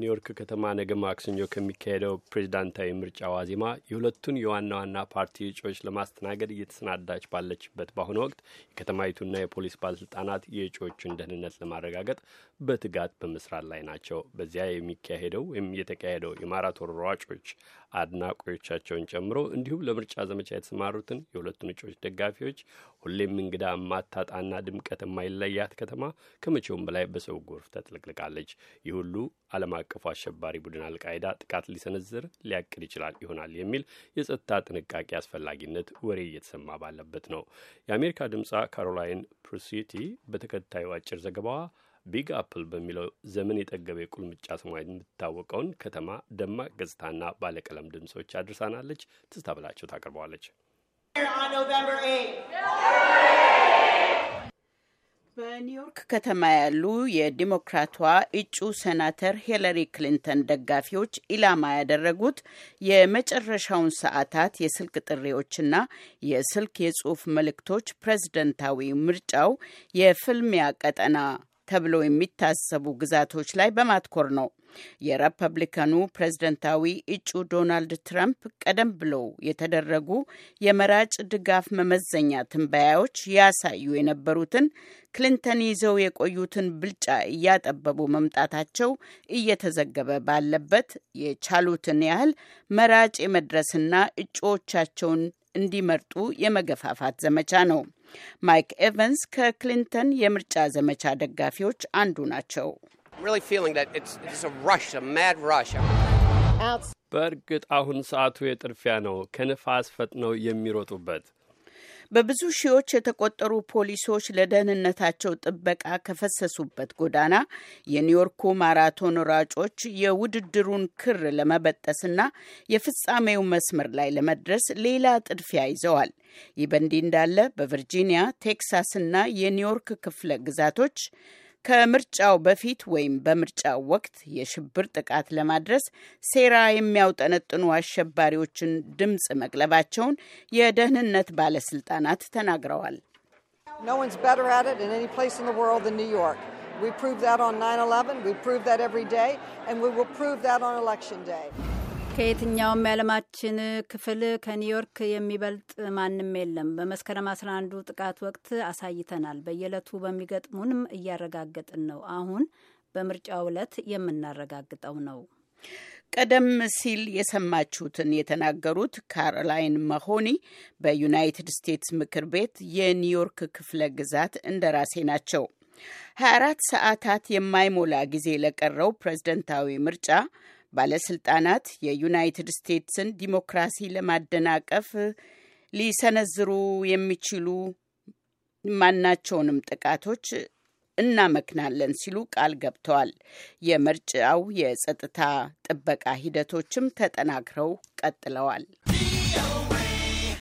ኒውዮርክ ከተማ ነገ ማክሰኞ ከሚካሄደው ፕሬዚዳንታዊ ምርጫ ዋዜማ የሁለቱን የዋና ዋና ፓርቲ እጩዎች ለማስተናገድ እየተሰናዳች ባለችበት በአሁኑ ወቅት የከተማይቱና የፖሊስ ባለስልጣናት የእጩዎቹን ደህንነት ለማረጋገጥ በትጋት በመስራት ላይ ናቸው። በዚያ የሚካሄደው ወይም የተካሄደው የማራቶን ሯጮች አድናቂዎቻቸውን ጨምሮ እንዲሁም ለምርጫ ዘመቻ የተሰማሩትን የሁለቱን እጩዎች ደጋፊዎች ሁሌም እንግዳ ማታጣና ድምቀት የማይለያት ከተማ ከመቼውም በላይ በሰው ጎርፍ ተጥለቅልቃለች። ይህ ሁሉ ዓለም አቀፉ አሸባሪ ቡድን አልቃይዳ ጥቃት ሊሰነዝር ሊያቅድ ይችላል ይሆናል የሚል የጸጥታ ጥንቃቄ አስፈላጊነት ወሬ እየተሰማ ባለበት ነው። የአሜሪካ ድምጿ ካሮላይን ፕሩሲቲ በተከታዩ አጭር ዘገባዋ ቢግ አፕል በሚለው ዘመን የጠገበ የቁልምጫ ስሟ የምትታወቀውን ከተማ ደማቅ ገጽታና ባለቀለም ድምፆች አድርሳናለች። ትዝታ ብላቸው ታቀርበዋለች። በኒውዮርክ ከተማ ያሉ የዲሞክራቷ እጩ ሴናተር ሂለሪ ክሊንተን ደጋፊዎች ኢላማ ያደረጉት የመጨረሻውን ሰዓታት የስልክ ጥሪዎችና የስልክ የጽሑፍ መልእክቶች ፕሬዝደንታዊ ምርጫው የፍልሚያ ቀጠና ተብለው የሚታሰቡ ግዛቶች ላይ በማትኮር ነው። የሪፐብሊካኑ ፕሬዝደንታዊ እጩ ዶናልድ ትራምፕ ቀደም ብለው የተደረጉ የመራጭ ድጋፍ መመዘኛ ትንበያዎች ያሳዩ የነበሩትን ክሊንተን ይዘው የቆዩትን ብልጫ እያጠበቡ መምጣታቸው እየተዘገበ ባለበት የቻሉትን ያህል መራጭ የመድረስና እጩዎቻቸውን እንዲመርጡ የመገፋፋት ዘመቻ ነው። ማይክ ኤቨንስ ከክሊንተን የምርጫ ዘመቻ ደጋፊዎች አንዱ ናቸው። በእርግጥ አሁን ሰዓቱ የጥርፊያ ነው፣ ከንፋስ ፈጥነው የሚሮጡበት በብዙ ሺዎች የተቆጠሩ ፖሊሶች ለደህንነታቸው ጥበቃ ከፈሰሱበት ጎዳና የኒውዮርኩ ማራቶን ሯጮች የውድድሩን ክር ለመበጠስና የፍጻሜው መስመር ላይ ለመድረስ ሌላ ጥድፊያ ይዘዋል። ይህ በእንዲህ እንዳለ በቨርጂኒያ ቴክሳስና የኒውዮርክ ክፍለ ግዛቶች ከምርጫው በፊት ወይም በምርጫው ወቅት የሽብር ጥቃት ለማድረስ ሴራ የሚያውጠነጥኑ አሸባሪዎችን ድምፅ መቅለባቸውን የደህንነት ባለስልጣናት ተናግረዋል። We proved that on 9 11, we proved that every day, and we will prove that on Election Day. ከየትኛውም የዓለማችን ክፍል ከኒውዮርክ የሚበልጥ ማንም የለም። በመስከረም አስራ አንዱ ጥቃት ወቅት አሳይተናል። በየዕለቱ በሚገጥሙንም እያረጋገጥን ነው። አሁን በምርጫው ዕለት የምናረጋግጠው ነው። ቀደም ሲል የሰማችሁትን የተናገሩት ካሮላይን መሆኒ በዩናይትድ ስቴትስ ምክር ቤት የኒውዮርክ ክፍለ ግዛት እንደራሴ ናቸው። 24 ሰዓታት የማይሞላ ጊዜ ለቀረው ፕሬዝደንታዊ ምርጫ ባለስልጣናት የዩናይትድ ስቴትስን ዲሞክራሲ ለማደናቀፍ ሊሰነዝሩ የሚችሉ ማናቸውንም ጥቃቶች እናመክናለን ሲሉ ቃል ገብተዋል። የምርጫው የጸጥታ ጥበቃ ሂደቶችም ተጠናክረው ቀጥለዋል።